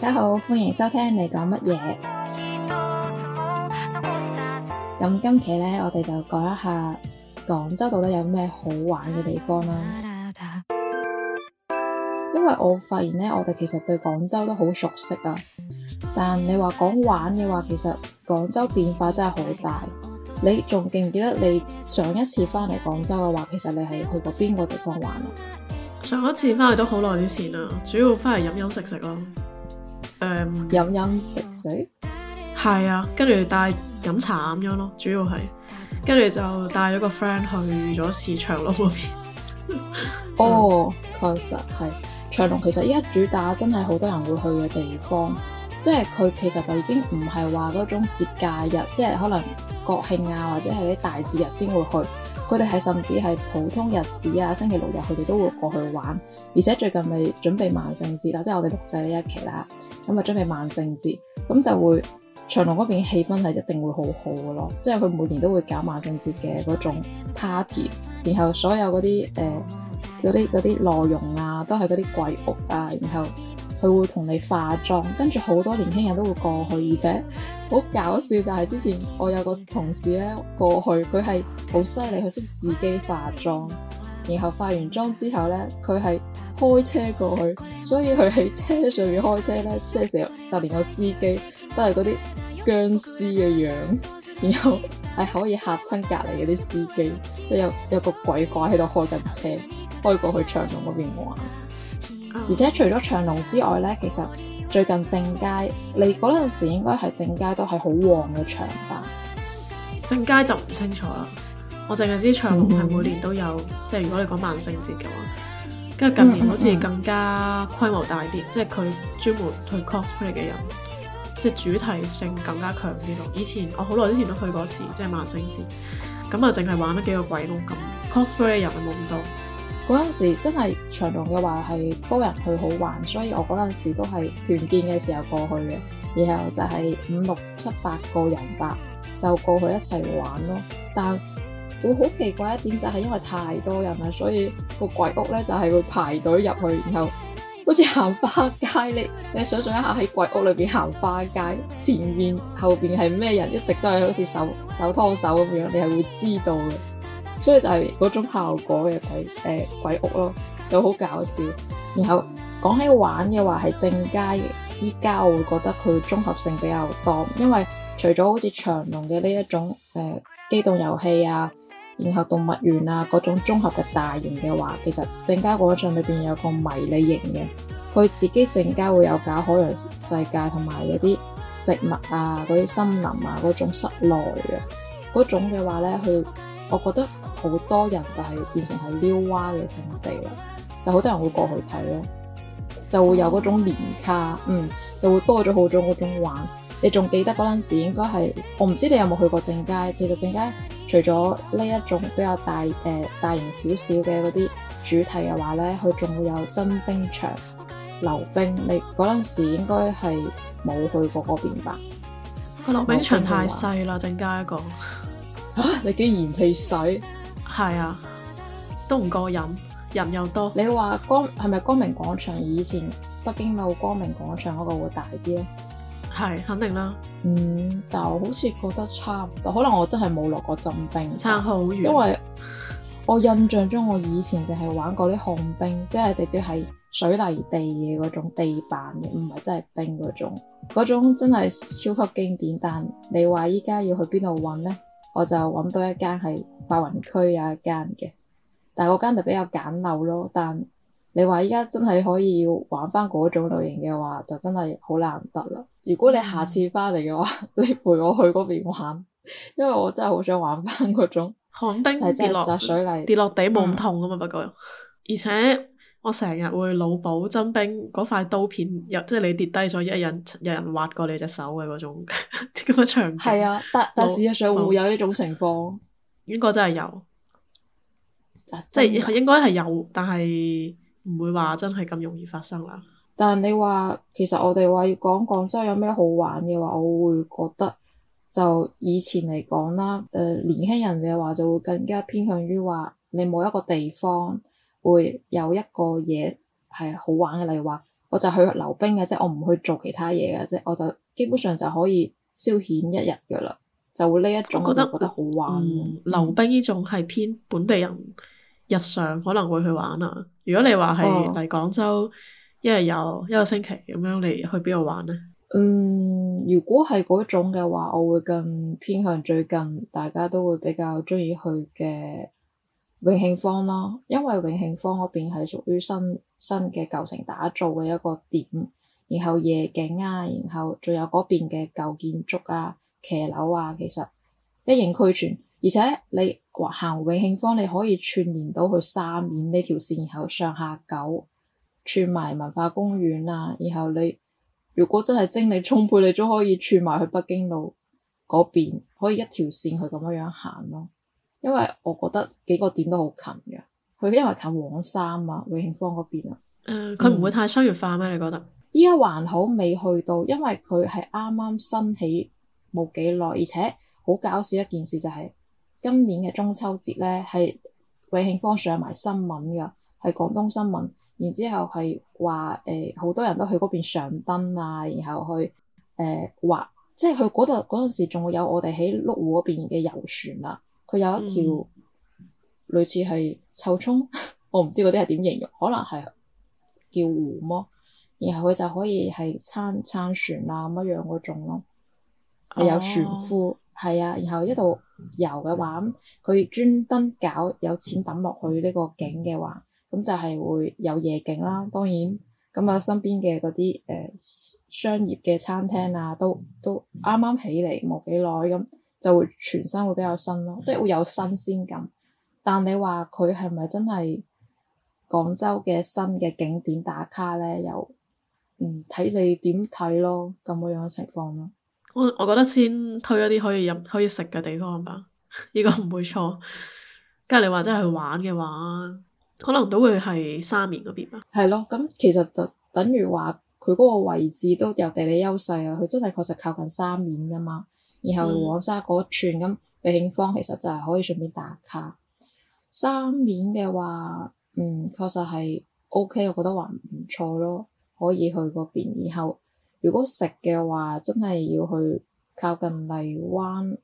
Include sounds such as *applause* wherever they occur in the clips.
大家好，歡迎收聽你講乜嘢？咁、嗯、今期咧，我哋就講一下廣州到底有咩好玩嘅地方啦、啊。因為我發現咧，我哋其實對廣州都好熟悉啊。但你話講玩嘅話，其實廣州變化真係好大。你仲記唔記得你上一次翻嚟廣州嘅話，其實你係去過邊個地方玩啊？上一次翻去都好耐之前啦，主要翻嚟飲飲食食咯。誒，飲飲、um, 食食，係啊，跟住帶飲茶咁樣咯，主要係，跟住就帶咗個 friend 去咗市場咯。哦，確實係，長隆其實依家主打真係好多人會去嘅地方，即係佢其實就已經唔係話嗰種節假日，即係可能國慶啊或者係啲大節日先會去。佢哋係甚至係普通日子啊，星期六日佢哋都會過去玩，而且最近咪準備萬聖節啦，即係我哋錄製呢一期啦，咁啊準備萬聖節，咁就，就會長隆嗰邊氣氛係一定會好好嘅咯，即係佢每年都會搞萬聖節嘅嗰種 party，然後所有嗰啲、呃、內容啊，都係嗰啲鬼屋啊，然後。佢會同你化妝，跟住好多年輕人都會過去，而且好搞笑就係、是、之前我有個同事咧過去，佢係好犀利，佢識自己化妝，然後化完妝之後咧，佢係開車過去，所以佢喺車上面開車咧，即係成日，就連個司機都係嗰啲殭屍嘅樣子，然後係可以嚇親隔離嗰啲司機，即係有有個鬼怪喺度開緊車，開過去長隆嗰邊玩。而且除咗長隆之外呢，其實最近正佳，你嗰陣時應該係正佳都係好旺嘅場吧？正佳就唔清楚啦，我淨係知道長隆係每年都有， *laughs* 即如果你講萬聖節嘅話，跟住近年好似更加規模大啲， *laughs* 即係佢專門去 cosplay 嘅人，即主題性更加強啲咯。以前我好耐之前都去過一次，即係萬聖節，咁啊淨係玩咗幾個鬼屋咁 cosplay 嘅人咪冇咁多。嗰陣時真係長隆嘅話係多人去好玩，所以我嗰陣時都係團建嘅時候過去嘅，然後就係五六七八個人吧，就過去一齊玩咯。但會好奇怪的一點就係因為太多人啦，所以那個鬼屋呢就係、是、會排隊入去，然後好似行花街，你你想象一下喺鬼屋裏面行花街，前邊後邊係咩人，一直都係好似手手拖手咁樣，你係會知道嘅。所以就係嗰種效果嘅鬼、呃、鬼屋咯，就好搞笑。然後講起玩嘅話，係正佳依家我會覺得佢綜合性比較多，因為除咗好似長隆嘅呢一種誒機動遊戲啊，然後動物園啊嗰種綜合嘅大型嘅話，其實正佳廣場裏面有個迷你型嘅，佢自己正佳會有搞海洋世界同埋嗰啲植物啊、嗰啲森林啊嗰種室內嘅嗰種嘅話呢，佢我覺得。好多人就係變成係遛娃嘅聖地啦，就好多人會過去睇咯，就會有嗰種年卡，嗯，就會多咗好多嗰種玩。你仲記得嗰陣時候應該係我唔知道你有冇去過正佳？其實正佳除咗呢一種比較大、呃、大型少少嘅嗰啲主題嘅話呢，佢仲會有真冰場溜冰。你嗰陣時候應該係冇去過嗰邊吧？個溜冰場太細啦，正佳一個。嚇、 *laughs* 啊！你竟然嫌棄細？係啊，都唔過癮，人，人又多。你話光係咪光明廣場以前北京路光明廣場嗰個會大啲咧？係肯定啦。嗯，但我好似覺得差唔多，可能我真係冇落過浸冰，差好遠。因為我印象中我以前就係玩過啲旱冰，即係直接係水泥地嘅嗰種地板嘅，唔係、嗯、真係冰嗰種嗰種真係超級經典。但你話依家要去邊度揾呢？我就揾到一間係白雲區有一間嘅，但係嗰間就比較簡陋咯。但你話依家真係可以要玩翻嗰種類型嘅話，就真係好難得啦。如果你下次翻嚟嘅話，你陪我去嗰邊玩，因為我真係好想玩翻嗰種旱冰跌落，係跌落水嚟跌落地冇唔痛啊嘛，不過、嗯、而且。我成日會腦補真兵嗰塊刀片有，有即係你跌低咗，有人有人挖過你隻手嘅嗰種咁嘅 *laughs* 場景。係啊，但但事實上會有呢種情況。呢個真係有，啊、即係應該係有，但係唔會話真係咁容易發生啦。但係你話，其實我哋話要講廣州有咩好玩嘅話，我會覺得就以前嚟講啦，誒、呃，年輕人嘅話就會更加偏向於話你冇一個地方。會有一個嘢係好玩嘅，例如話，我就去溜冰嘅，即係我唔去做其他嘢嘅，即係我就基本上就可以消遣一日嘅啦，就會呢一種覺得覺得好玩，嗯。溜冰呢種係偏本地人日常可能會去玩啊。如果你話係嚟廣州一日遊一個星期咁樣嚟去邊度玩呢？嗯，如果係嗰種嘅話，我會更偏向最近大家都會比較中意去嘅。永慶坊咯，因為永慶坊嗰邊係屬於新新嘅舊城打造嘅一個點，然後夜景啊，然後仲有嗰邊嘅舊建築啊、騎樓啊，其實一應俱全。而且你行永慶坊，你可以串聯到去沙面呢條線，然後上下九，串埋文化公園啊，然後你如果真係精力充沛，你都可以串埋去北京路嗰邊，可以一條線去咁樣樣行咯。因為我覺得幾個點都好近嘅，佢因為近黃沙啊永慶坊嗰邊啊，誒，佢唔、嗯、會太商業化咩？你覺得？依家還好未去到，因為佢係啱啱新起冇幾耐，而且好搞笑一件事就係、是、今年嘅中秋節咧，係永慶坊上埋新聞嘅，係廣東新聞，然之後係話誒好多人都去嗰邊上燈啊，然後去誒劃、呃，即係去嗰度嗰陣時仲會有我哋喺麓湖嗰邊嘅遊船啊。佢有一條類似係臭涌， *laughs* 我唔知嗰啲係點形容，可能係叫湖麼、哦？然後佢就可以係撐撐船啊咁樣樣嗰種咯。係、oh. 有船夫，係啊。然後一度遊嘅話，佢專登搞有錢抌落去呢個景嘅話，咁就係會有夜景啦。當然咁啊，身邊嘅嗰啲誒商業嘅餐廳啊，都都啱啱起嚟冇幾耐咁。就會全身會比較新咯，即係會有新鮮感。但你話佢係咪真係廣州嘅新嘅景點打卡咧？又嗯，睇你點睇咯，咁嘅樣嘅情況咯。我我覺得先推一啲可以飲、可以食嘅地方吧，呢 *laughs* 個唔會錯。隔住你話真係去玩嘅話，可能都會係沙面嗰邊啊，係咯，咁其實就等於話佢嗰個位置都有地理優勢啊。佢真係確實靠近沙面噶嘛。然後黃沙嗰串咁，永慶坊其實就係可以順便打卡。三面嘅話，嗯，確實係 OK，我覺得還唔錯咯，可以去嗰邊。然後如果食嘅話，真係要去靠近荔灣，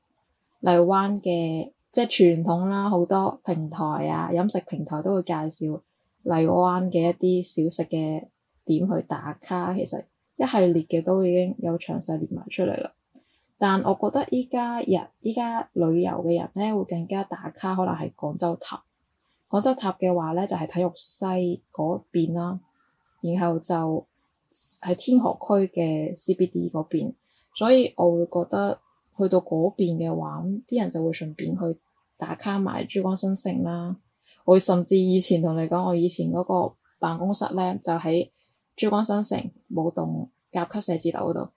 荔灣嘅即係傳統啦，好多平台啊，飲食平台都會介紹荔灣嘅一啲小食嘅點去打卡。其實一系列嘅都已經有詳細列埋出嚟啦。但我覺得依家人依家旅遊嘅人咧會更加打卡，可能係廣州塔。廣州塔嘅話咧就係、是、體育西嗰邊啦，然後就喺天河區嘅 CBD 嗰邊，所以我會覺得去到嗰邊嘅話，啲人就會順便去打卡埋珠江新城啦。我甚至以前同你講，我以前嗰個辦公室咧就喺珠江新城某棟甲級寫字樓嗰度，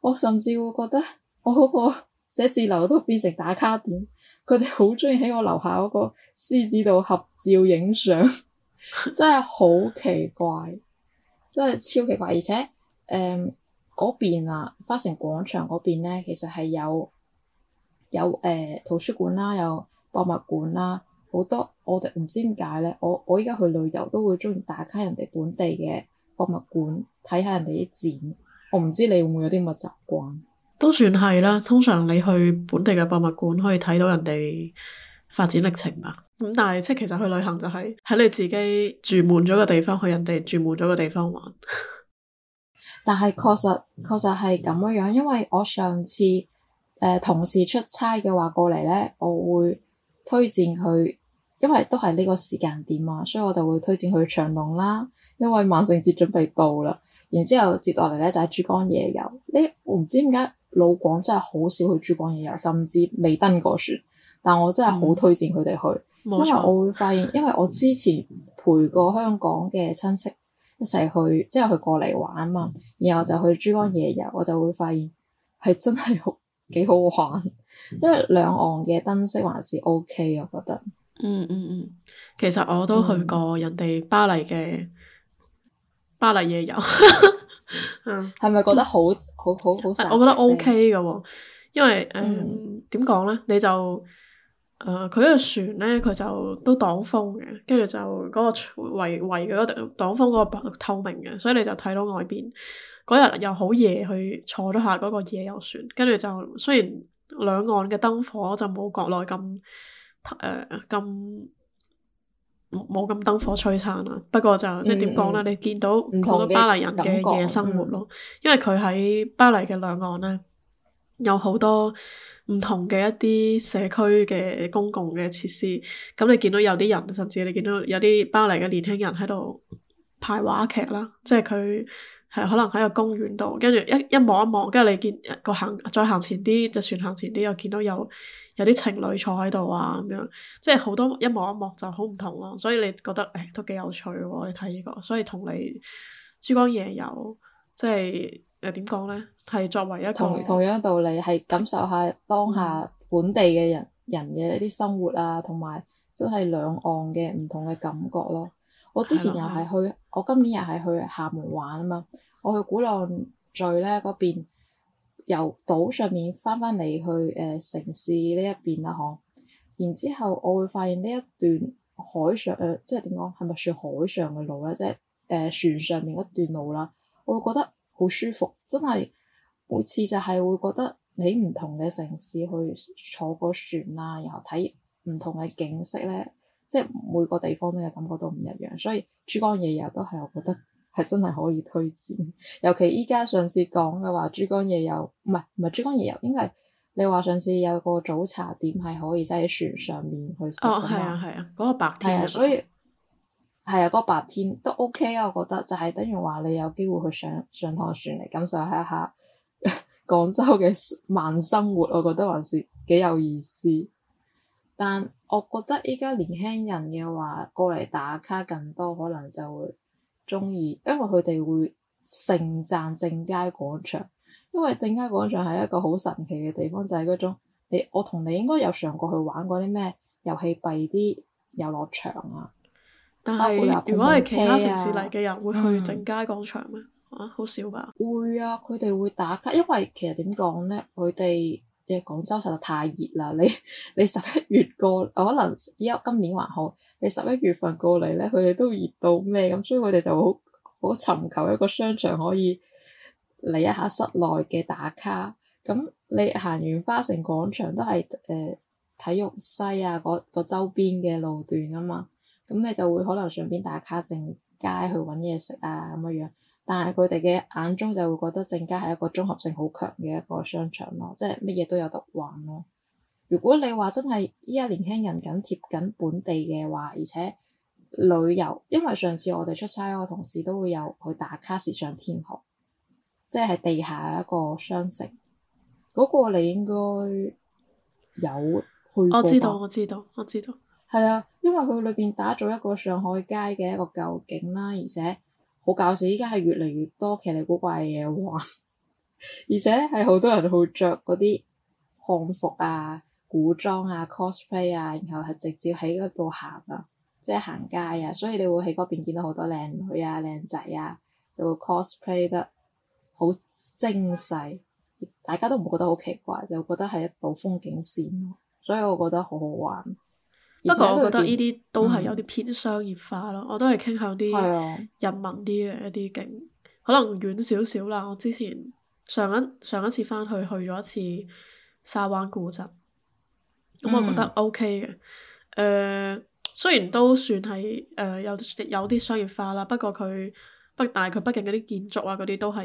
我甚至會覺得。我嗰個寫字樓都變成打卡點，佢哋好中意喺我樓下嗰個獅子度合照影相， *laughs* 真係好奇怪，真係超奇怪。而且誒嗰邊啊，花城廣場嗰邊咧，其實係有有誒、呃、圖書館啦，有博物館啦，好多我哋唔知點解咧。我我我依家去旅遊都會中意打卡人哋本地嘅博物館，睇下人哋啲展。我唔知你會唔會有啲咁嘅習慣。都算係啦，通常你去本地嘅博物館可以睇到人哋發展歷程吧。咁、嗯、但係即係其實去旅行就係、是、喺你自己住悶咗個地方，去人哋住悶咗個地方玩。但係確實確實係咁樣樣，因為我上次誒、呃、同事出差嘅話過嚟咧，我會推薦佢，因為都係呢個時間點啊，所以我就會推薦去長隆啦，因為萬聖節準備到啦。然之後接落嚟咧就係、是、珠江夜遊。呢我唔知點解。老廣真係好少去珠江夜遊，甚至未登過船，但我真係好推薦佢哋去，嗯、因為我會發現，因為我之前陪過香港嘅親戚一齊去，即係佢過嚟玩嘛，然後就去珠江夜遊，我就會發現係真係好幾好玩，因為兩岸嘅燈飾還是 OK，我覺得，嗯嗯嗯，其實我都去過人哋巴黎嘅巴黎夜遊。 *laughs* 嗯，係咪、uh, 覺得好、嗯、好好好、啊？我覺得 OK 嘅、啊，因為誒點講咧，你就誒佢、呃、個船咧，佢就都擋風嘅，跟住就嗰個圍圍嗰度擋風嗰個白透明嘅，所以你就睇到外邊嗰日又好夜去坐咗下嗰個夜遊船，跟住就雖然兩岸嘅燈火就冇國內咁誒咁。呃冇咁燈火璀璨啊！不過就即係點講咧？你見到好多巴黎人嘅夜生活咯，嗯嗯、因為佢喺巴黎嘅兩岸咧，有好多唔同嘅一啲社區嘅公共嘅設施。咁你見到有啲人，甚至你見到有啲巴黎嘅年輕人喺度排話劇啦，即係佢係可能喺個公園度，跟住一一望一望，跟住你見個行再行前啲，就算行前啲又見到有。有啲情侶坐喺度啊，咁樣即係好多一幕一幕就好唔同咯，所以你覺得誒、哎、都幾有趣喎、哦，你睇呢、這個，所以同你珠江夜遊即係誒點講咧，係作為一個同同樣嘅道理，係感受下當下本地嘅人、嗯、人嘅一啲生活啊，兩同埋真係兩岸嘅唔同嘅感覺咯。我之前又係去，嗯、我今年又係去廈門玩啊嘛，我去鼓浪嶼咧嗰邊。由島上面翻返嚟去誒、呃、城市呢一邊啦，嗬。然之後，我會發現呢一段海上，即係點講，係咪算海上嘅路咧？即係誒、呃、船上面一段路啦，我會覺得好舒服，真係每次就係會覺得喺唔同嘅城市去坐個船啊，然後睇唔同嘅景色咧，即係每個地方都有感覺到唔一樣，所以珠江夜遊都係我覺得。係真係可以推薦，尤其依家上次講嘅話，珠江夜遊唔係唔係，珠江夜遊應該係你話上次有個早茶店係可以即喺船上面去食哦。係啊，係啊，嗰、嗰個啊啊，嗰個白天，所以係啊，嗰個白天都 OK 啊，我覺得就係等於話你有機會去上上趟船嚟感受一下 *laughs* 廣州嘅慢生活，我覺得還是幾有意思。但我覺得依家年輕人嘅話過嚟打卡更多，可能就會。中意，因為佢哋會盛讚正佳廣場，因為正佳廣場係一個好神奇嘅地方，就係、是、嗰種你我同你應該有上過去玩過啲咩遊戲幣啲遊樂場啊。但係是、啊、如果係其他城市嚟嘅人會去正佳廣場咩？嗯、啊，好少吧？會啊，佢哋會打卡，因為其實點講咧，佢哋。因為廣州實在太熱啦！你你十一月過，可能依家今年還好，你十一月份過嚟呢，佢哋都熱到咩咁，所以佢哋就好好尋求一個商場可以嚟一下室內嘅打卡。咁你行完花城廣場都係誒、呃、體育西啊，嗰嗰周邊嘅路段啊嘛，咁你就會可能順便打卡正街去揾嘢食啊咁嘅樣。但係佢哋嘅眼中就會覺得正佳係一個綜合性好強嘅一個商場咯，即係乜嘢都有得玩咯。如果你話真係依家年輕人緊貼緊本地嘅話，而且旅遊，因為上次我哋出差，我同事都會有去打卡時尚天河，即係地下一個商城。嗰、那個你應該有去。我知道，我知道，我知道。係啊，因為佢裏邊打造一個上海街嘅一個舊景啦，而且。好搞笑！依家係越嚟越多奇離古怪嘢玩， *laughs* 而且係好多人會着嗰啲漢服啊、古裝啊、cosplay 啊，然後係直接喺嗰度行啊，即係行街啊，所以你會喺嗰邊見到好多靚女啊、靚仔啊，就會 cosplay 得好精細，大家都唔會覺得好奇怪，就覺得係一道風景線咯，所以我覺得好好玩。不過，我覺得呢啲都係有啲偏商業化咯。嗯、我都係傾向啲人民啲嘅一啲景，啊、可能遠少少啦。我之前上一上一次翻去去咗一次沙灣古鎮，咁我覺得 O K 嘅。誒、嗯呃，雖然都算係誒、呃、有有啲商業化啦，不過佢，但係佢畢竟嗰啲建築啊嗰啲都係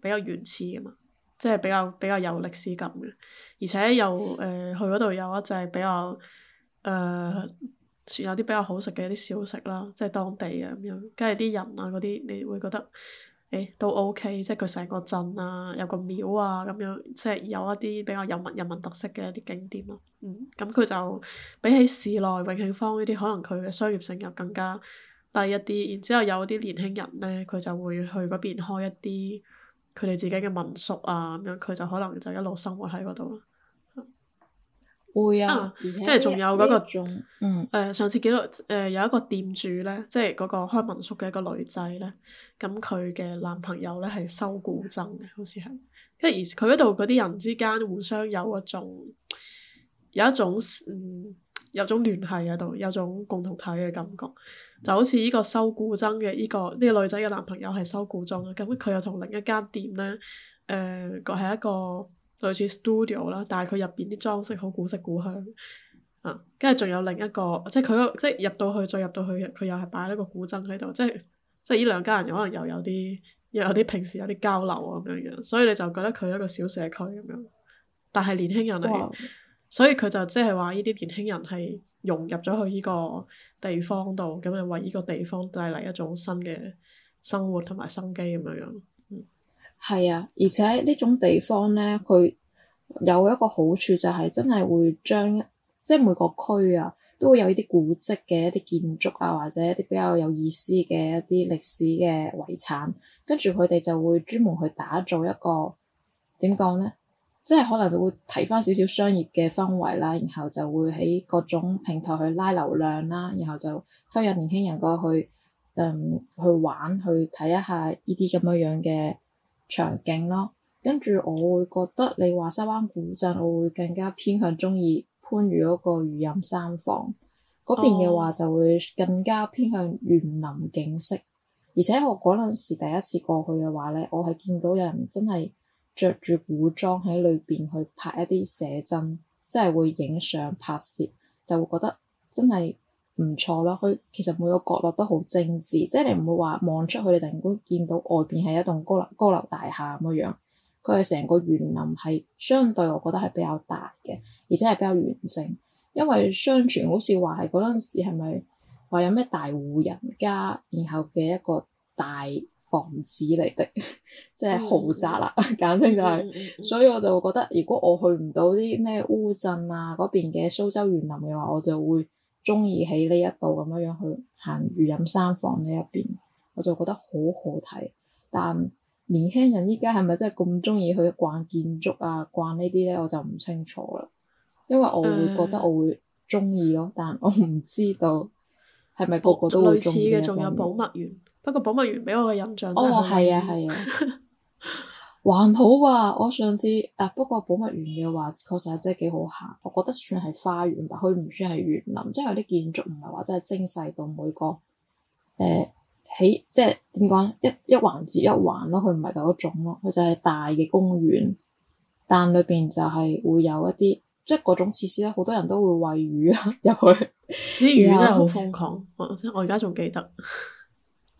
比較原始噶嘛，即、就、係、是、比較比較有歷史感嘅，而且又誒、呃、去嗰度有一隻比較。誒，算、呃、有啲比較好食嘅啲小食啦，即係當地嘅咁樣，跟住啲人啊嗰啲，你會覺得，誒、欸、都 OK，即係佢成個鎮啊，有個廟啊咁樣，即係有一啲比較有民人民特色嘅一啲景點咯，嗯，咁佢就比起市內永慶坊呢啲，可能佢嘅商業性又更加低一啲。然之後有啲年輕人咧，佢就會去嗰邊開一啲佢哋自己嘅民宿啊咁樣，佢就可能就一路生活喺嗰度。會啊，跟住仲有嗰、嗰個嗯，誒，呃、上次見到誒，有一個店主咧，即係嗰個開民宿嘅一個女仔咧，咁佢嘅男朋友咧係修古箏嘅，好似係，跟住而佢嗰度嗰啲人之間互相有一種有一種嗯，有種聯繫喺度，有種共同體嘅感覺，就好似呢個修古箏嘅呢個呢、呢個女仔嘅男朋友係修古箏嘅。咁佢又同另一間店咧，誒、呃，個係一個。類似 studio 啦，但係佢入邊啲裝飾好古色古香啊，跟住仲有另一個，即係佢，即係入到去再入到去，佢又係擺咗個古箏喺度，即係即係呢兩家人可能又有啲又有啲平時有啲交流啊咁樣樣，所以你就覺得佢係一個小社區咁樣，但係年輕人嚟，哇所以佢就即係話呢啲年輕人係融入咗去呢個地方度，咁啊為呢個地方帶嚟一種新嘅生活同埋生機咁樣樣。係啊，而且呢種地方咧，佢有一個好處就係真係會將即係每個區啊，都會有一啲古跡嘅一啲建築啊，或者一啲比較有意思嘅一啲歷史嘅遺產。跟住佢哋就會專門去打造一個點講咧，即係可能會提翻少少商業嘅氛圍啦，然後就會喺各種平台去拉流量啦，然後就吸引年輕人過去，嗯，去玩去睇一下呢啲咁樣樣嘅場景咯，跟住我會覺得你話沙灣古鎮，我會更加偏向中意番禺嗰個餘蔭山房嗰、oh. 邊嘅話，就會更加偏向園林景色。而且我嗰陣時第一次過去嘅話咧，我係見到有人真係着住古裝喺裏邊去拍一啲寫真，即係會影相拍攝，就會覺得真係。唔錯啦，佢其實每個角落都好精緻，即係你唔會話望出去，你突然間見到外邊係一棟高樓高樓大廈咁嘅樣。佢係成個園林係相對，我覺得係比較大嘅，而且係比較完整。因為相傳好似話係嗰陣時係咪話有咩大戶人家，然後嘅一個大房子嚟的。 *laughs* 即係豪宅啦， *laughs* 簡稱就係、是。所以我就會覺得，如果我去唔到啲咩烏鎮啊嗰邊嘅蘇州園林嘅話，我就會。中意喺呢一度咁樣樣去行餘蔭山房呢一邊，我就覺得好好睇。但年輕人依家係咪真係咁中意去逛建築啊、逛呢啲咧？我就唔清楚啦。因為我會覺得我會中意咯，嗯、但我唔知道係咪個個都會類似嘅，仲有博物園。我不過博物園俾我嘅印象，哦，係啊，係啊。 *laughs* 還好啊，我上次啊，不過寶墨園嘅話，確實係真係幾好行。我覺得算係花園吧，佢唔算係園林，即係有啲建築唔係話真係精細到每個誒、呃、起，即係點講咧？一一環接一環咯，佢唔係嗰種咯，佢就係大嘅公園，但裏邊就係會有一啲即係嗰種設施咧，好多人都會餵魚啊入去，啲魚真係好瘋狂， *laughs* 狂我我而家仲記得。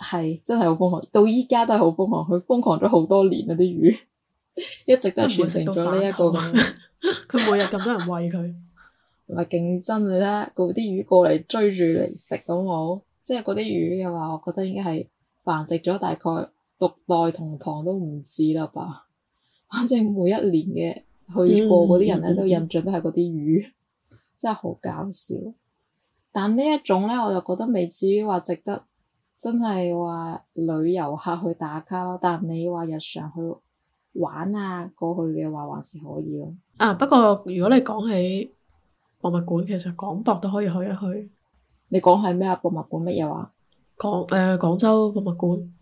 係真係好瘋狂，到依家都係好瘋狂。佢瘋狂咗好多年啊！啲魚一直都變成咗呢一個，佢 *laughs* 每日咁多人餵佢，同埋競爭嘅咧。嗰啲魚過嚟追住嚟食，好冇？即係嗰啲魚嘅話，我覺得應該係繁殖咗大概六代同堂都唔止啦吧。反正每一年嘅去過嗰啲人咧，嗯、都印象都係嗰啲魚，嗯嗯、真係好搞笑。但呢一種咧，我就覺得未至於話值得。真係話旅遊客去打卡咯，但你話日常去玩啊，過去嘅話，還是可以咯。啊，不過如果你講起博物館，其實廣博都可以去一去。你講係咩博物館？乜嘢話？廣誒廣州博物館。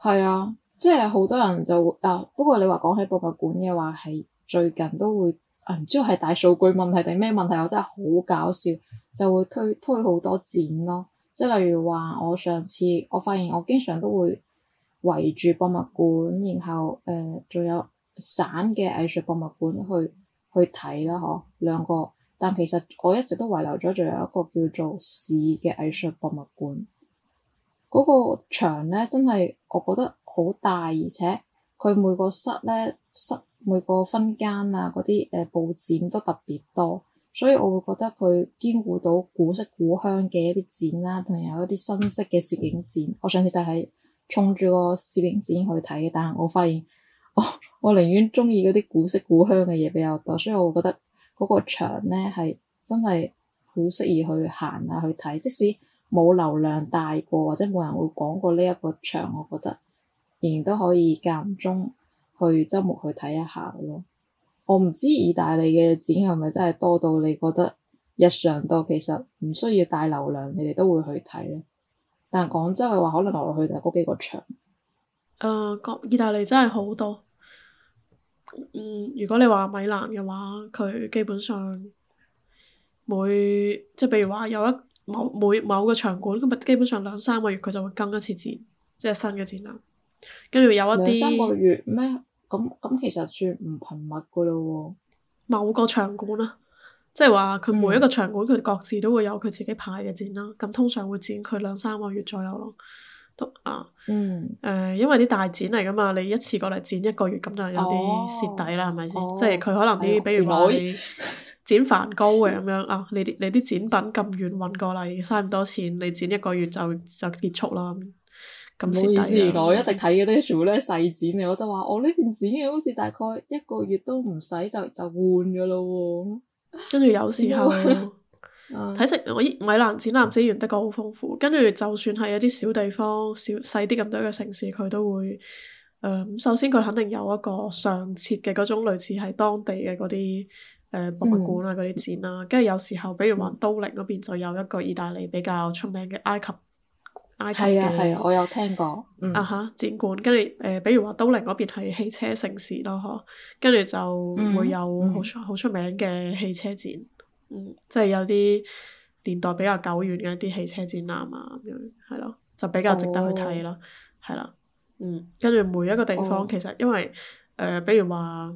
係啊，即係好多人就會，但、啊、不過你話講起博物館嘅話，係最近都會，唔知係大數據問題定咩問題，我真係好搞笑，就會推推好多展咯。即係例如話，我上次我發現我經常都會圍住博物館，然後誒仲、呃、有省嘅藝術博物館去去睇啦，嗬兩個。但其實我一直都遺留咗，仲有一個叫做市嘅藝術博物館，嗰、那個場咧真係我覺得好大，而且佢每個室咧室每個分間啊嗰啲誒佈展都特別多。所以我會覺得佢兼顧到古色古香嘅一啲展啦，啊，同有一啲新式嘅攝影展。我上次就係衝住個攝影展去睇，但係我發現我我寧願中意嗰啲古色古香嘅嘢比較多，所以我覺得嗰個場咧係真係好適宜去行下，啊、去睇，即使冇流量大過或者冇人會講過呢一個場，我覺得仍然都可以間唔中去周末去睇一下咯。我唔知意大利嘅展係咪真係多到你覺得日常多，其實唔需要大流量，你哋都會去睇咧。但係廣州嘅話，可能落落去就嗰幾個場。誒、啊，意大利真係好多。嗯，如果你話米蘭嘅話，佢基本上每即係，譬如話有一某每某個場館，咁咪基本上兩三個月佢就會更一次展，即係新嘅展覽。跟住有一啲。兩三個月咩？咁咁其實算唔頻密噶咯喎，某個場館啦，即係話佢每一個場館佢各自都會有佢自己排嘅展啦，咁、嗯、通常會展佢兩三個月左右咯，都啊，嗯，誒、呃，因為啲大展嚟噶嘛，你一次過嚟展一個月咁就有啲蝕底啦，係咪先？哦、即係佢可能啲，哎、呦比如可以展梵高嘅咁樣、哎、呦啊，你啲你啲展品咁遠運過嚟，嘥咁多錢，你展一個月就就結束啦。唔好意思，啊、原來我一直睇嘅都係全部都細展嚟，我就話我呢邊剪嘅好似大概一個月都唔使就就換噶啦，跟住有時候睇成，我以米蘭展覽資源的確好豐富，跟住就算係一啲小地方、小細啲咁多嘅城市，佢都會誒、呃，首先佢肯定有一個上設嘅嗰種類似係當地嘅嗰啲誒博物館啊嗰啲展啦，跟住、嗯、有時候比如話都靈嗰邊就有一個意大利比較出名嘅埃及。係啊係啊，我有聽過。嗯、啊哈，展館跟住，誒、呃，比如話都靈嗰邊係汽車城市咯，嗬。跟住就會有好出好、嗯、出名嘅汽車展，嗯，即係有啲年代比較久遠嘅一啲汽車展覽啊，咁樣係咯，就比較值得去睇咯，係啦、哦，嗯。跟住每一個地方，哦、其實因為，誒、呃，比如話，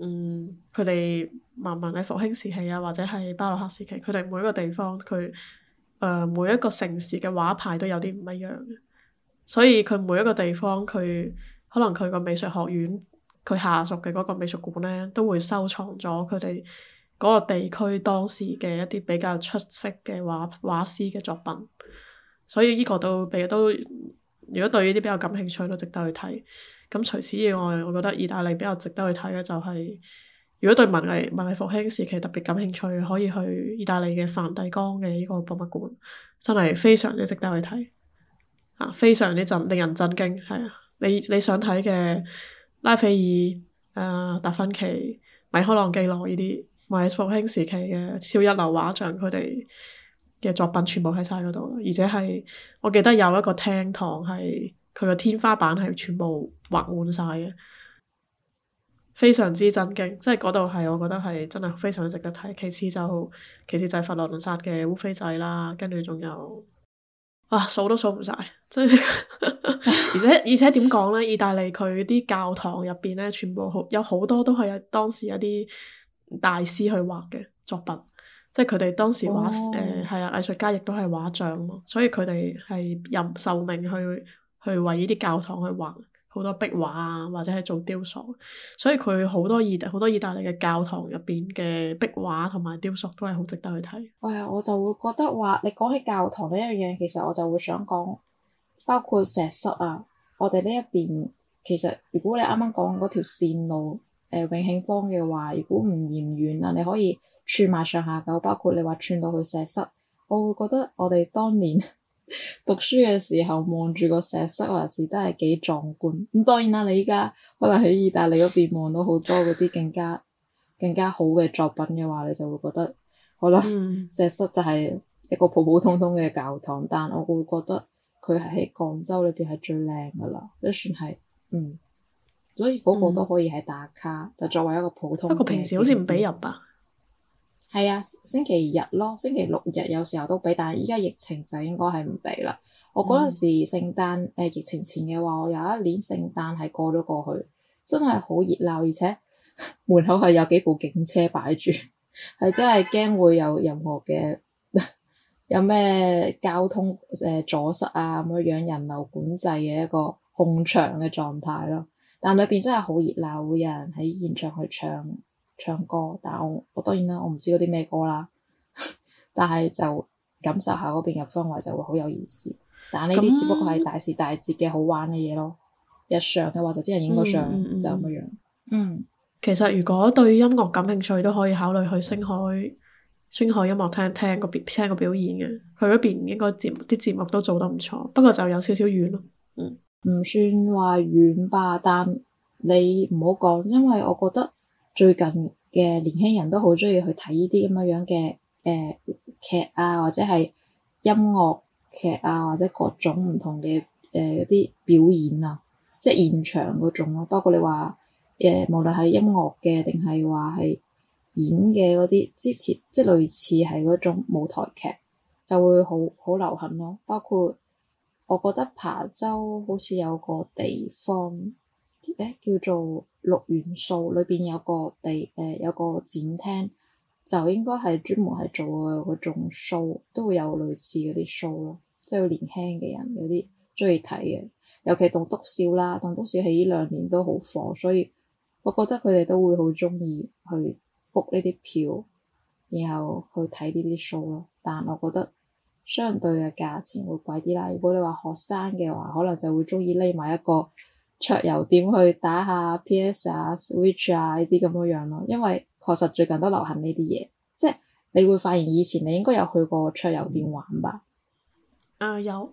嗯，佢哋慢慢喺復興時期啊，或者係巴洛克時期，佢哋每一個地方佢。誒、呃、每一個城市嘅畫派都有啲唔一樣，所以佢每一個地方佢可能佢個美術學院佢下屬嘅嗰個美術館咧，都會收藏咗佢哋嗰個地區當時嘅一啲比較出色嘅畫畫師嘅作品。所以呢個都比都如果對呢啲比較感興趣都值得去睇。咁除此以外，我覺得意大利比較值得去睇嘅就係、是，如果對文藝文藝復興時期特別感興趣，可以去意大利嘅梵蒂岡嘅呢個博物館，真係非常之值得去睇。啊，非常之震，令人震驚，係啊！你你想睇嘅拉斐爾、誒、呃、達芬奇、米開朗基羅呢啲文藝復興時期嘅超一流畫像，佢哋嘅作品全部喺晒嗰度，而且係我記得有一個廳堂係佢個天花板係全部畫滿晒嘅。非常之震驚，即係嗰度係，我覺得係真係非常值得睇。其次就，其次就係佛羅倫薩嘅烏菲仔啦，跟住仲有，啊，數都數唔晒，即係， *laughs* 而且而且點講呢？意大利佢啲教堂入邊呢，全部有好多都係喺當時一啲大師去畫嘅作品，即係佢哋當時畫，誒，係啊，藝術家亦都係畫像，所以佢哋係任壽命去去為呢啲教堂去畫。好多壁畫啊，或者係做雕塑，所以佢好多意、好多意大利嘅教堂入邊嘅壁畫同埋雕塑都係好值得去睇。係啊、哎，我就會覺得話，你講起教堂呢一樣嘢，其實我就會想講，包括石室啊，我哋呢一邊，其實如果你啱啱講嗰條線路，誒、呃、永慶坊嘅話，如果唔嫌遠啦，你可以串埋上下九，包括你話串到去石室，我會覺得我哋當年，讀書嘅時候望住個石室，還是都係幾壯觀。咁當然啦，你依家可能喺意大利嗰邊望到好多嗰啲更加 *laughs* 更加好嘅作品嘅話，你就會覺得可能石室就係一個普普通通嘅教堂。但我會覺得佢係喺廣州裏邊係最靚噶啦，都算係嗯。所以嗰個都可以係打卡，就 *laughs* 作為一個普通一個平時好似唔俾入吧？係啊，星期日咯，星期六日有時候都俾，但係依家疫情就應該係唔俾啦。我嗰陣時聖誕、嗯、疫情前嘅話，我有一年聖誕係過咗過去，真係好熱鬧，而且 *laughs* 門口係有幾部警車擺住，係真係驚會有任何嘅 *laughs* 有咩交通誒、呃、阻塞啊，咁樣人流管制嘅一個控場嘅狀態咯。但裏邊真係好熱鬧，會有人喺現場去唱。唱歌，但係我我當然啦，我唔知嗰啲咩歌啦。 *laughs* 但係就感受下嗰邊嘅氛圍，就會好有意思。但呢啲只不過係大時大節嘅好玩嘅嘢咯。嗯、日常嘅話就只能影個相就咁嘅樣，嗯。嗯，其實如果對音樂感興趣，都可以考慮去星海星海音樂廳聽嗰邊聽，聽，聽個表演嘅。佢嗰邊應該節啲節目都做得唔錯，不過就有少少遠咯。嗯，唔算話遠吧，但你唔好講，因為我覺得。最近嘅年輕人都好中意去睇呢啲咁樣樣嘅誒劇啊，或者係音樂劇啊，或者各種唔同嘅誒啲表演啊，即係現場嗰種咯。包括你話誒、呃，無論係音樂嘅定係話係演嘅嗰啲，之前即係類似係嗰種舞台劇，就會好好流行咯。包括我覺得琶洲好似有個地方，誒、欸、叫做。六元素裏邊有個地誒、呃，有個展廳，就應該係專門係做個嗰種 show，都會有類似嗰啲 show 咯，即係年輕嘅人有啲中意睇嘅，尤其棟篤笑啦，棟篤笑喺呢兩年都好火，所以我覺得佢哋都會好中意去 book 呢啲票，然後去睇呢啲 show 咯。但係我覺得相對嘅價錢會貴啲啦。如果你話學生嘅話，可能就會中意匿埋一個桌遊店去打下 PS Switch 啊、Switch、啊呢啲咁樣咯，因為確實最近都流行呢啲嘢，即係你會發現以前你應該有去過桌遊店玩吧？誒、嗯，有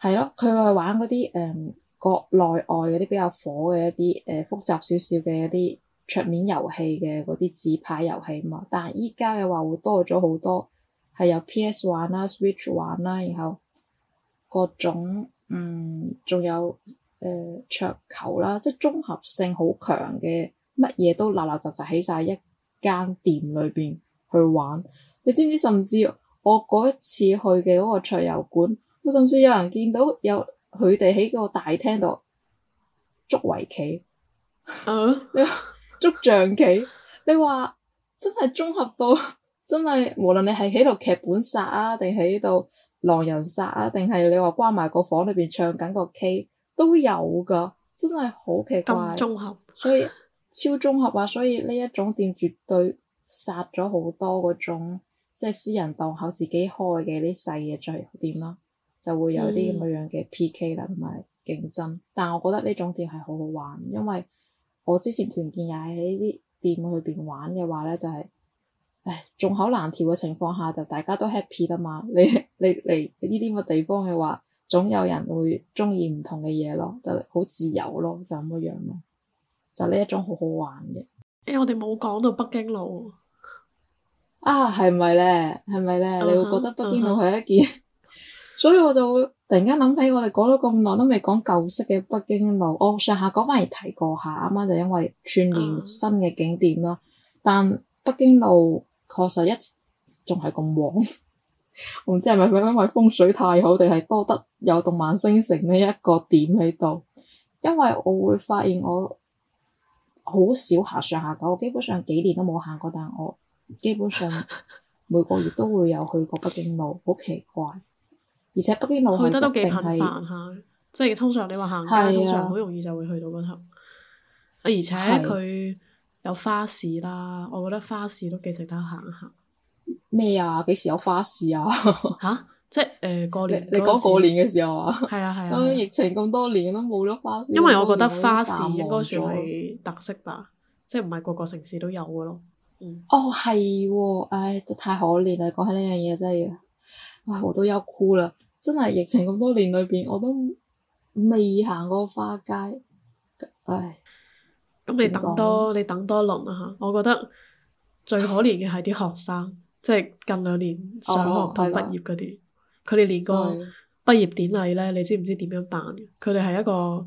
係咯，佢去，去玩嗰啲誒國內外嗰啲比較火嘅一啲誒、嗯、複雜少少嘅一啲桌面遊戲嘅嗰啲紙牌遊戲嘛。但係依家嘅話會多咗好多，係有 PS 玩啦、啊、Switch 玩啦、啊，然後各種嗯，仲有。誒、呃，桌球啦，即係綜合性好強嘅，乜嘢都啦啦雜雜喺晒一間店裏邊去玩。你知唔知？甚至我嗰一次去嘅嗰個桌遊館，我甚至有人見到有佢哋喺個大廳度捉圍棋，嗯，uh. *laughs* 捉象棋。 *laughs* 你話真係綜合到真係，無論你係喺度劇本殺啊，定喺度狼人殺啊，定係你話關埋個房裏邊唱緊個 K。都有噶，真係好奇怪，綜合所綜合，所以超綜合啊！所以呢一種店絕對殺咗好多嗰種即係私人檔口自己開嘅啲細嘅聚店啦，就會有啲咁嘅樣嘅 P K 啦，同埋競爭。嗯、但係我覺得呢種店係好好玩，因為我之前團建又喺呢啲店裡邊玩嘅話咧，就係、是、唉眾口難調嘅情況下，就大家都 happy 啦嘛。你你嚟呢啲咁嘅地方嘅話。總有人會中意唔同嘅嘢咯，就好自由咯，就咁樣咯，就呢一種好好玩嘅。哎、欸，我哋冇講到北京路啊？係咪咧？係咪咧？Uh huh, 你會覺得北京路係一件，uh huh. 所以我就會突然間諗起我，我哋講咗咁耐都未講舊式嘅北京路。哦，上下講翻嚟提過下，啱啱就因為串聯新嘅景點咯。Uh huh. 但北京路確實一仲係咁旺。我唔知係咪因為風水太好，定係多得有動漫星城呢一個點喺度。因為我會發現我好少行上下九，基本上幾年都冇行過。但係我基本上每個月都會有去過北京路，好奇怪。而且北京路去得都幾頻繁下，即、啊、係、就是、通常你話行街，啊、通常好容易就會去到嗰頭。而且佢有花市啦，是我覺得花市都幾值得行行。咩啊？幾時有花市啊？吓、啊，即係誒、呃，過年你講時過年嘅時候啊？係啊係啊，疫情咁多年都冇咗花市。因為我覺得花市應該算係特色吧，即係唔係個個城市都有嘅咯。哦，係喎、哦，唉、哎，太可憐啦！講起呢樣嘢真係，唉、哎，我都要哭了。真係疫情咁多年裏邊，我都未行過花街。唉、哎，咁、嗯、你等多你等多輪啊。吓，我覺得最可憐嘅係啲學生。 *laughs* 即係近兩年、哦、上學同畢業嗰啲，佢哋的連個畢業典禮咧，你知唔知點樣辦？佢哋係一個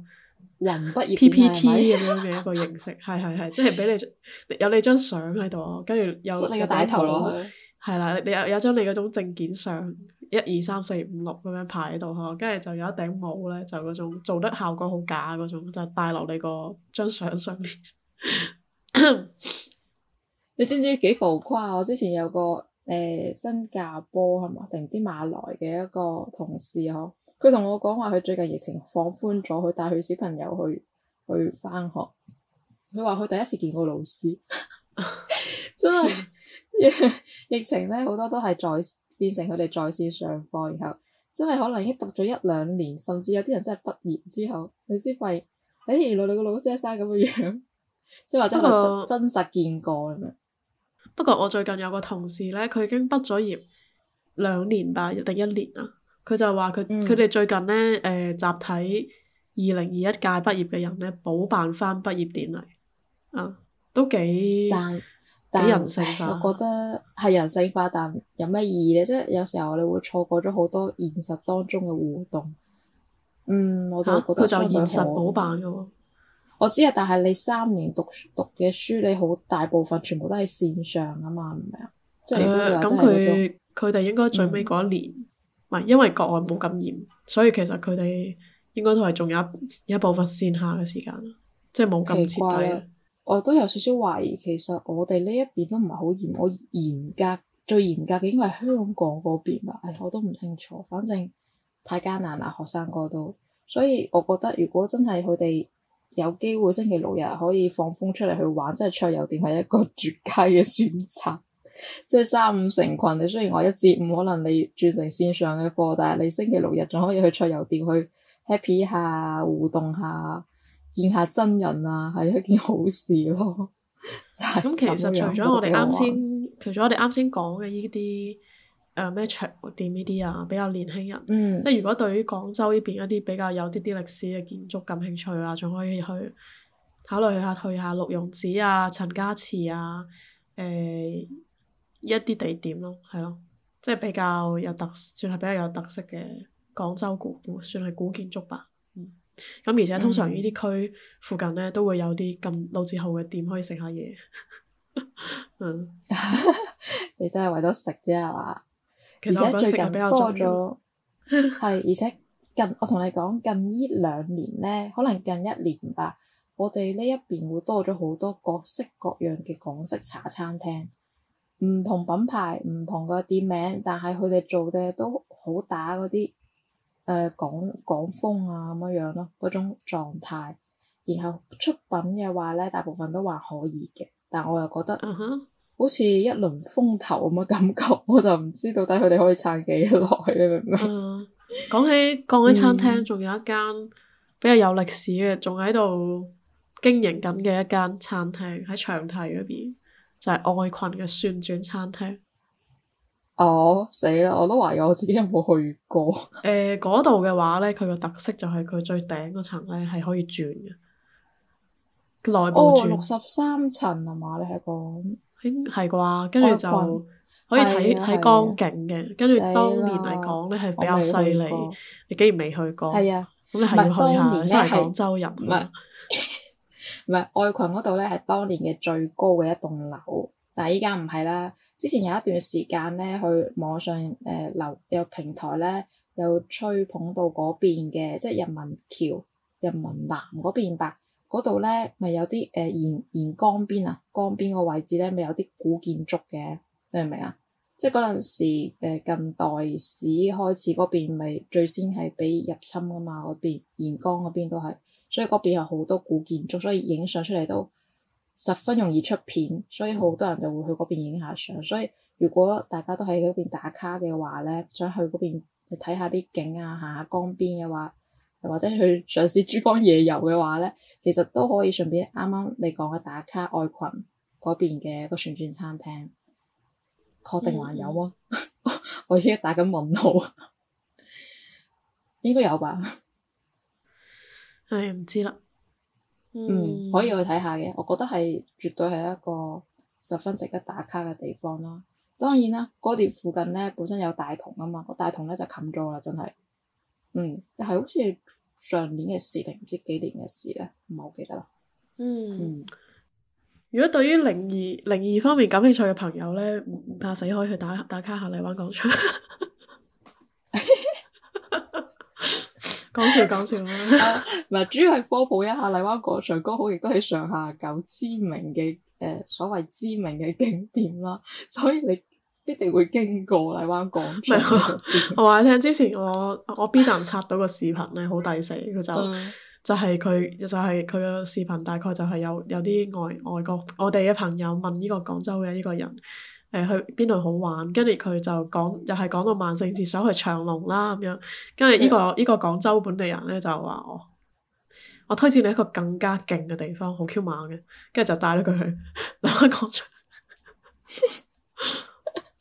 人畢業 PPT 咁樣嘅一個形式，係係係，即係俾你 *laughs* 有你張相喺度，跟住的有你嘅大頭囉，係啦，你有有張你嗰種證件相，一二三四五六咁樣排喺度呵，跟住就有一頂帽咧，就嗰種做得效果好假嗰種，就戴落你個張相上面。 *coughs* 你知唔知幾浮誇？我之前有個。誒、欸，新加坡係嘛定唔知馬來嘅一個同事嗬，佢同我講話佢最近疫情放寬咗，佢帶佢小朋友去去返學。佢話佢第一次見過老師， *laughs* 真係的 *laughs* *laughs* 疫情咧，好多都係在變成佢哋在線上課，然後真係可能已經讀咗一兩年，甚至有啲人真係畢業之後，你先發現誒、欸、原來你個老師係生咁嘅樣，即係話真係真 Hello. 真實見過咁樣。不過我最近有個同事咧，佢已經畢咗業兩年吧，定一年啦。佢就話佢佢哋最近咧，誒、呃、集體二零二一屆畢業嘅人咧，補辦翻畢業典禮。啊，都幾但幾人性化。我覺得係人性化，但有咩意義咧？即係有時候你會錯過咗好多現實當中嘅互動。嗯，我都覺得佢、啊、就現實補辦喎。我知啊，但係你三年讀讀嘅書，你好大部分全部都喺線上啊嘛，唔係啊？誒，咁佢佢哋應該最尾嗰一年，唔係、嗯，因為國外冇咁嚴，所以其實佢哋應該都係仲有一一部分線下嘅時間，即係冇咁徹底。我都有少少懷疑，其實我哋呢一邊都唔係好嚴，我嚴格最嚴格嘅應該係香港嗰邊吧、哎？我都唔清楚，反正太艱難啦，學生哥都，所以我覺得如果真係佢哋。有機會星期六日可以放風出嚟去玩，即係桌遊店係一個絕佳嘅選擇。 *laughs* 即係三五成群，你雖然我一至五可能你轉成線上嘅課，但係你星期六日仲可以去桌遊店去 happy 下、互動下、見下真人啊，係一件好事咯。咁 *laughs* 這其實除咗我哋啱先，除咗 *laughs* 我哋啱先講嘅呢啲。誒咩、啊、場店呢啲啊，比較年輕人，嗯、即係如果對於廣州呢邊一啲比較有啲啲歷史嘅建築感興趣啊，仲可以去考慮下去下六榕寺啊、陳家祠啊，誒、呃、一啲地點咯，係咯，即係比較有特算係比較有特色嘅廣州古算係古建築吧。嗯，咁、嗯、而且通常呢啲區附近咧都會有啲咁老字號嘅店可以食下嘢。 *laughs* 嗯， *laughs* 你都係為咗食啫係嘛？而且最近多咗，係 *laughs* 而且近我同你講，近呢兩年咧，可能近一年吧，我哋呢一邊會多咗好多各式各樣嘅港式茶餐廳，唔同品牌，唔同嘅店名，但係佢哋做嘅都好打嗰啲誒港港風啊咁樣樣咯，嗰種狀態。然後出品嘅話咧，大部分都還可以嘅，但我又覺得。Uh huh. 好似一輪風頭咁嘅感覺，我就唔知到底佢哋可以撐幾耐，你明唔明啊？講、uh, 起講起餐廳，仲、嗯、有一間比較有歷史嘅，仲喺度經營緊嘅一間餐廳喺長提嗰邊，就係愛群嘅旋轉餐廳。哦，死啦！我都懷疑我自己有冇去過誒。嗰度嘅話咧，佢個特色就係佢最頂嗰層咧係可以轉嘅內部轉。哦，oh，六十三層係嘛？你係講？係啩，跟住就可以睇睇江景嘅。跟住、啊、當年嚟講咧，係比較犀利。你竟然未去過？係啊，咁你係要去下。唔係廣州人，唔係愛群嗰度咧，係當年嘅最高嘅一棟樓。但係依家唔係啦。之前有一段時間咧，去網上誒樓、呃、有平台咧，有吹捧到嗰邊嘅，即係人民橋、人民南嗰邊吧。嗰度咧，咪有啲誒沿沿江邊啊，江邊個位置咧，咪有啲古建築嘅，你明唔明啊？即係嗰陣時、呃、近代史開始嗰邊，邊，咪最先係俾入侵啊嘛，嗰邊沿江嗰邊都係，所以嗰邊有好多古建築，所以影相出嚟都十分容易出片，所以好多人就會去嗰邊影下相。所以如果大家都喺嗰邊打卡嘅話咧，想去嗰邊睇下啲景啊，下江邊嘅話，或者去嘗試珠江夜遊嘅話咧，其實都可以順便啱啱你講嘅打卡愛群嗰邊嘅一個旋轉餐廳，確定還有嗎？嗯、 *laughs* 我依家打緊問號，應該有吧？唉，唔知啦。嗯，嗯，可以去睇下嘅，我覺得係絕對係一個十分值得打卡嘅地方囉。當然啦，嗰、那、邊、個、附近咧本身有大同啊嘛，個大同咧就冚咗啦，真係。嗯，但係好似上年嘅事定唔知幾年嘅事咧，唔係好記得啦。嗯，嗯，如果對於靈異靈異方面感興趣嘅朋友咧，唔怕死可以去打打卡下荔灣廣場。講笑講笑啦， *laughs* 唔係、 *laughs* *laughs* 啊、主要係科普一下荔灣廣場，剛 *laughs* 好亦都係上下九知名嘅誒、呃、所謂知名嘅景點啦，所以。你。必定會經過荔灣港你我。我話聽之前，我我 B 站刷到個視頻咧，好抵死。佢就係、就係佢就係佢個視頻，大概就係有有啲外外國我哋嘅朋友問呢個廣州嘅呢個人，誒、呃、去邊度好玩？跟住佢就講，又係講到萬聖節想去長隆啦咁樣。跟住呢個呢、 *laughs* 這個廣、這個、州本地人咧就話我，我推薦你一個更加勁嘅地方，好 Q 猛嘅。跟住就帶咗佢去荔灣廣場。 *laughs* *laughs* *laughs*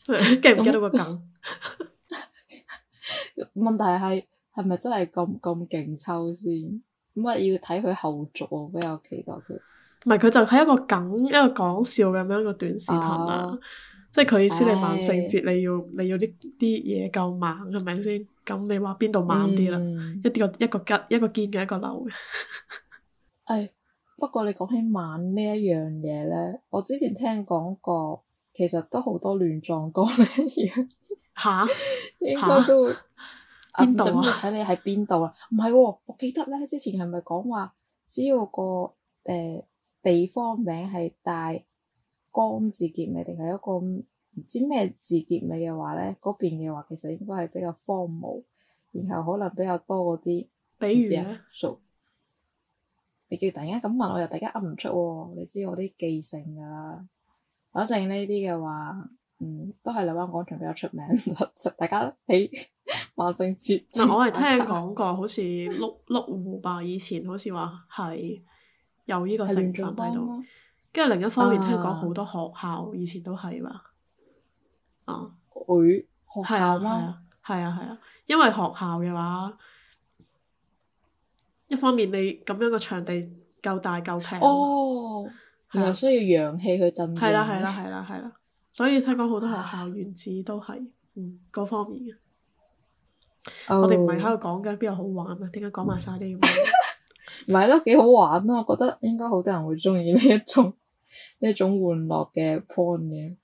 記唔記得個梗？ *laughs* *laughs* 問題係係咪真係咁咁勁抽先？咁啊 *laughs* 要睇佢後續啊，我比較期待佢。唔係佢就係一個梗，一個講笑咁樣一個短視頻啦。啊、即係佢意思，你萬聖節你要你要啲啲嘢夠猛嘅，明先、嗯？咁你話邊度猛啲啦？一啲個一個吉一個堅嘅一個樓。誒、 *laughs* 哎，不過你講起猛呢一樣嘢咧，我之前聽講過，過。其實都好多亂葬崗呢樣，嚇哈？應該都邊度啊？睇你喺邊度啦。唔係喎，我記得咧，之前係咪講話，只要、那個誒、呃、地方名係帶江字結尾，定係一個唔知咩字結尾嘅話咧，嗰邊嘅話其實應該係比較荒蕪，然後可能比較多嗰啲。比如咧、啊，你突然間咁問我又，突然間噏唔出喎、哦。你知我啲記性噶、啊、啦。反正呢啲嘅話，嗯，都係荔灣廣場比較出名，大家喺萬聖節，嗱我係聽講過，好似麓麓湖吧，以前好似話係有呢個成分喺度，跟住另一方面聽講好多學校以前都係嘛，啊，會、哦、學校係啊係啊係啊，啊，啊，因為學校嘅話，一方面你咁樣嘅場地夠大夠平。哦係啊，需要陽氣去震。係啦係啦係啦係啦，所以聽講好多學校原子都係嗯，嗰方面嘅。我哋唔係喺度講緊，邊度好玩啊？點解講埋曬啲嘢？唔係囉幾好玩啊！我覺得應該好多人會中意呢一種呢一 *laughs* 種玩樂嘅 point 嘅。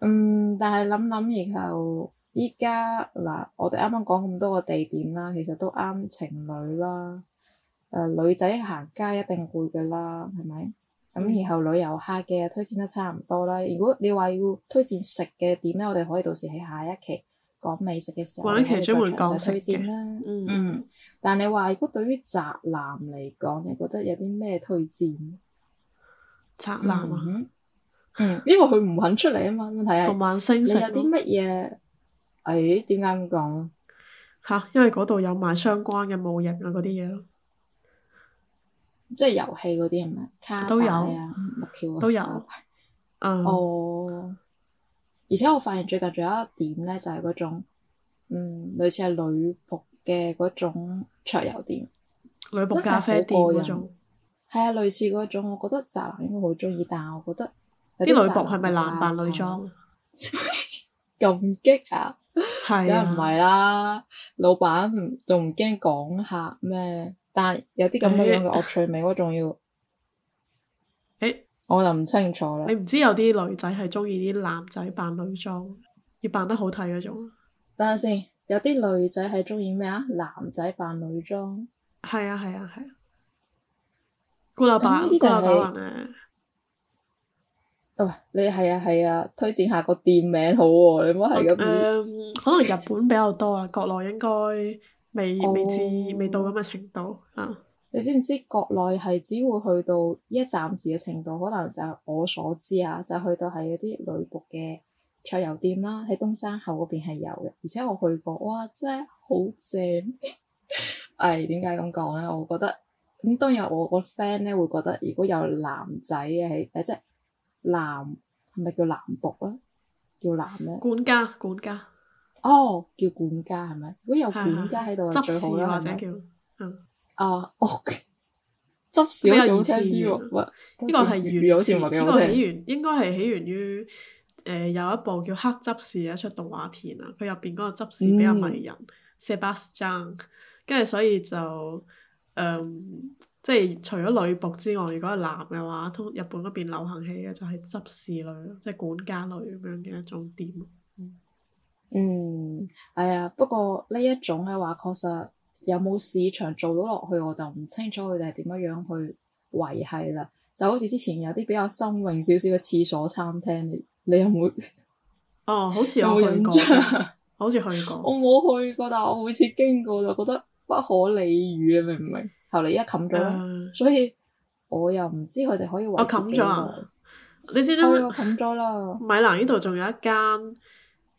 嗯，但係諗諗然後依家嗱，我哋啱啱講咁多個地點啦，其實都啱情侶啦。誒、呃，女仔行街一定會嘅啦，係咪？咁、嗯、然後旅遊客嘅推薦得差唔多啦。嗯、如果你話要推薦食嘅點咧，我哋可以到時喺下一期講美食嘅時候，其我哋專門講食啦。嗯，嗯但你話如果對於宅男嚟講，你覺得有啲咩推薦？宅男、啊？嗯，因為佢唔肯出嚟啊嘛。咁睇下，動漫星城有啲乜嘢？誒，點解咁講？吓，因為嗰度有賣相關嘅模型啊，嗰啲嘢咯。即係遊戲嗰啲，係咪、啊？都有。木都有。哦。但 嗯、而且我發現最近仲有一點咧，就係嗰種，嗯，類似係女僕嘅嗰種桌遊店。女僕咖啡店嗰種。係種啊，類似嗰種，我覺得宅男應該好中意，嗯、但係我覺得。啲女僕係咪男扮女裝？咁 *laughs* 激啊！係唔係啦？老闆，仲唔驚講下咩？但有啲咁樣嘅惡趣味，我仲、欸、要誒，欸、我就唔清楚啦。你唔知有啲女仔係中意啲男仔扮女裝，要扮得好睇嗰種。等下先，有啲女仔係中意咩啊？男仔扮女裝，係啊係啊係啊。古老闆，古老闆喂，你係啊係啊，推薦下個店名好喎、啊。你唔好喺日本、呃，可能日本比較多啦， *laughs* 國內應該。未未至，哦、未到咁嘅程度啊！你知唔知國內係只會去到一暫時嘅程度？可能就我所知啊，就是、去到係有啲女僕嘅桌遊店啦、啊，喺東山口嗰邊係有嘅，而且我去過，哇，真係好正！誒、 *laughs* 哎，點解咁講咧？我覺得咁當然我，我個 friend 咧會覺得，如果有男仔喺誒，即、就、係、是、男係咪叫男僕啦？叫男咧？管家，管家。哦，oh, 叫管家係咪？如果有管家喺度，最好啦，執、啊、事或者，或者叫，嗯，啊， *noise* 哦、oh, okay.，執事比較有趣，呢個係源呢個起源、呃、應該係起源於，誒、呃，有、呃、一部叫《黑執事》嘅一出動畫片啊，佢入邊嗰個執事比較迷人，Sebastian。跟住、嗯、所以就，誒、嗯，即係除咗女僕之外，如果係男嘅話，通日本嗰邊流行起嘅就係執事類，即、就、係、是、管家類咁樣嘅一種店。嗯，係、哎、啊，不過呢一種嘅話，確實有冇市場做到落去，我就唔清楚佢哋係點樣樣去維繫啦。就好似之前有啲比較新穎少少嘅廁所餐廳，你你有冇？哦，好似有去， *laughs* 去過，好似去過，我冇去過，但係我每次經過就覺得不可理喻啊，明唔明？後嚟一冚咗，呃、所以我又唔知佢哋可以。我冚咗啊！你知你我冚咗啦。米蘭呢度仲有一間。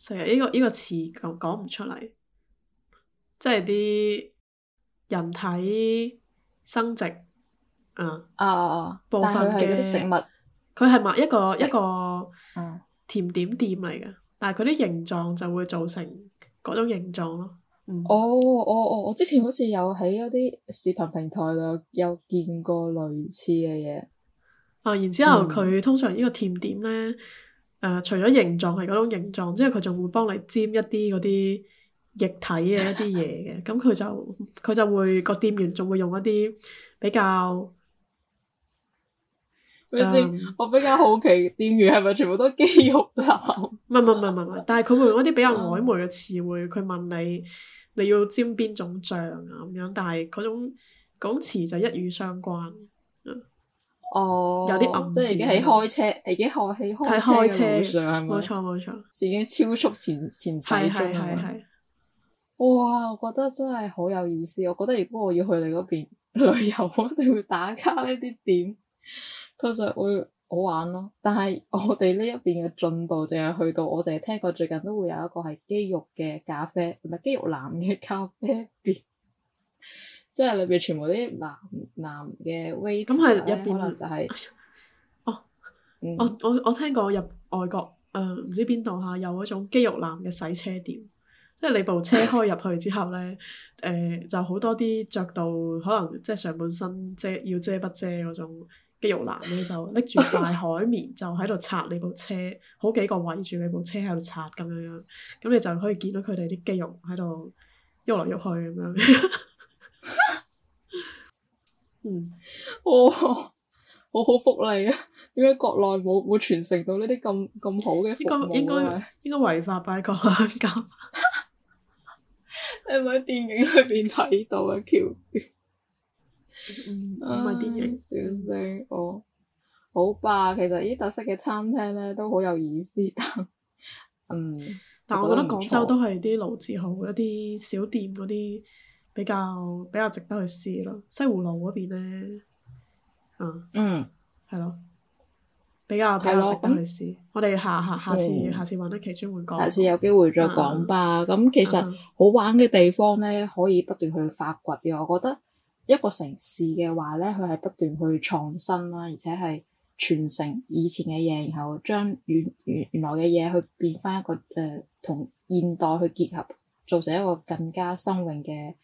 成日呢個呢個詞講講唔出嚟，即係啲人體生殖，啊、嗯、啊，哦哦部分嘅食物，佢係咪一個一個，食一個甜點店嚟嘅，嗯、但係佢啲形狀就會造成嗰種形狀咯。哦哦哦，oh, oh, oh. 我之前好似有喺嗰啲視頻平台度有見過類似嘅嘢。啊、嗯，然之後佢通常呢個甜點咧。誒、呃，除咗形狀係嗰種形狀，之後佢仲會幫你沾一啲嗰啲液體嘅一啲嘢嘅，咁佢 *laughs* 就佢就會，就會，個店員仲會用一啲比較，我比較好奇 *laughs* 店員係咪全部都肌肉男？唔係唔係唔係唔係，但係佢會用一啲比較曖昧嘅詞彙，佢問你，你要沾邊種醬啊咁樣，但係嗰種講詞就一語相關。哦，oh, 有啲暗，即係已經喺開車，已經學喺開車嘅路上，冇錯冇錯，錯已經超速前前駛嘅，係係係。哇，我覺得真係好有意思。我覺得如果我要去你嗰邊旅遊，我一定會打卡呢啲點，確實會好玩咯。但係我哋呢一邊嘅進步，淨係去到我淨係聽過最近都會有一個係肌肉嘅咖啡，唔係肌肉男嘅咖啡店。 *laughs* 即係裏邊全部啲男男嘅咁係入邊就係、是哎，哦，嗯、我我我聽過入外國誒唔、呃、知邊度吓有嗰種肌肉男嘅洗車店，即係你部車開入去之後咧，誒、呃、就好多啲着到可能即係上半身遮要遮不遮嗰種肌肉男咧，就拎住塊海綿就喺度擦你部車， *laughs* 好幾個圍住你部車喺度擦咁樣樣，咁你就可以見到佢哋啲肌肉喺度喐來喐去咁樣。嗯哦，哦，好好福利啊！點解國內冇冇傳承到呢啲咁咁好嘅服務啊？應該應該違法吧？喺香港，你係咪喺電影裏邊睇到啊？Q，唔係電影，小聲哦。好吧，其實呢特色嘅餐廳咧都好有意思。嗯，但我覺得廣州都係啲老字號，一啲小店嗰啲。比較比較值得去試咯，西湖路嗰邊咧，啊、嗯嗯係咯，比較比較值得去試。嗯、我哋下下下次下次搵得期專門講，下次有機會再講吧。咁、啊啊、其實好玩嘅地方咧，可以不斷去發掘嘅。我覺得一個城市嘅話咧，佢係不斷去創新啦，而且係傳承以前嘅嘢，然後將原原原來嘅嘢去變翻一個誒同、呃、現代去結合，做成一個更加新穎嘅。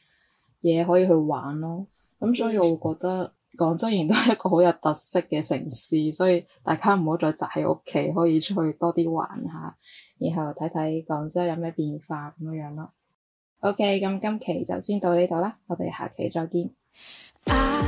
嘢可以去玩咯，咁所以我覺得廣州仍都係一個好有特色嘅城市，所以大家唔好再宅喺屋企，可以出去多啲玩下，然後睇睇廣州有咩變化咁樣樣咯。OK，咁今期就先到呢度啦，我哋下期再見。啊。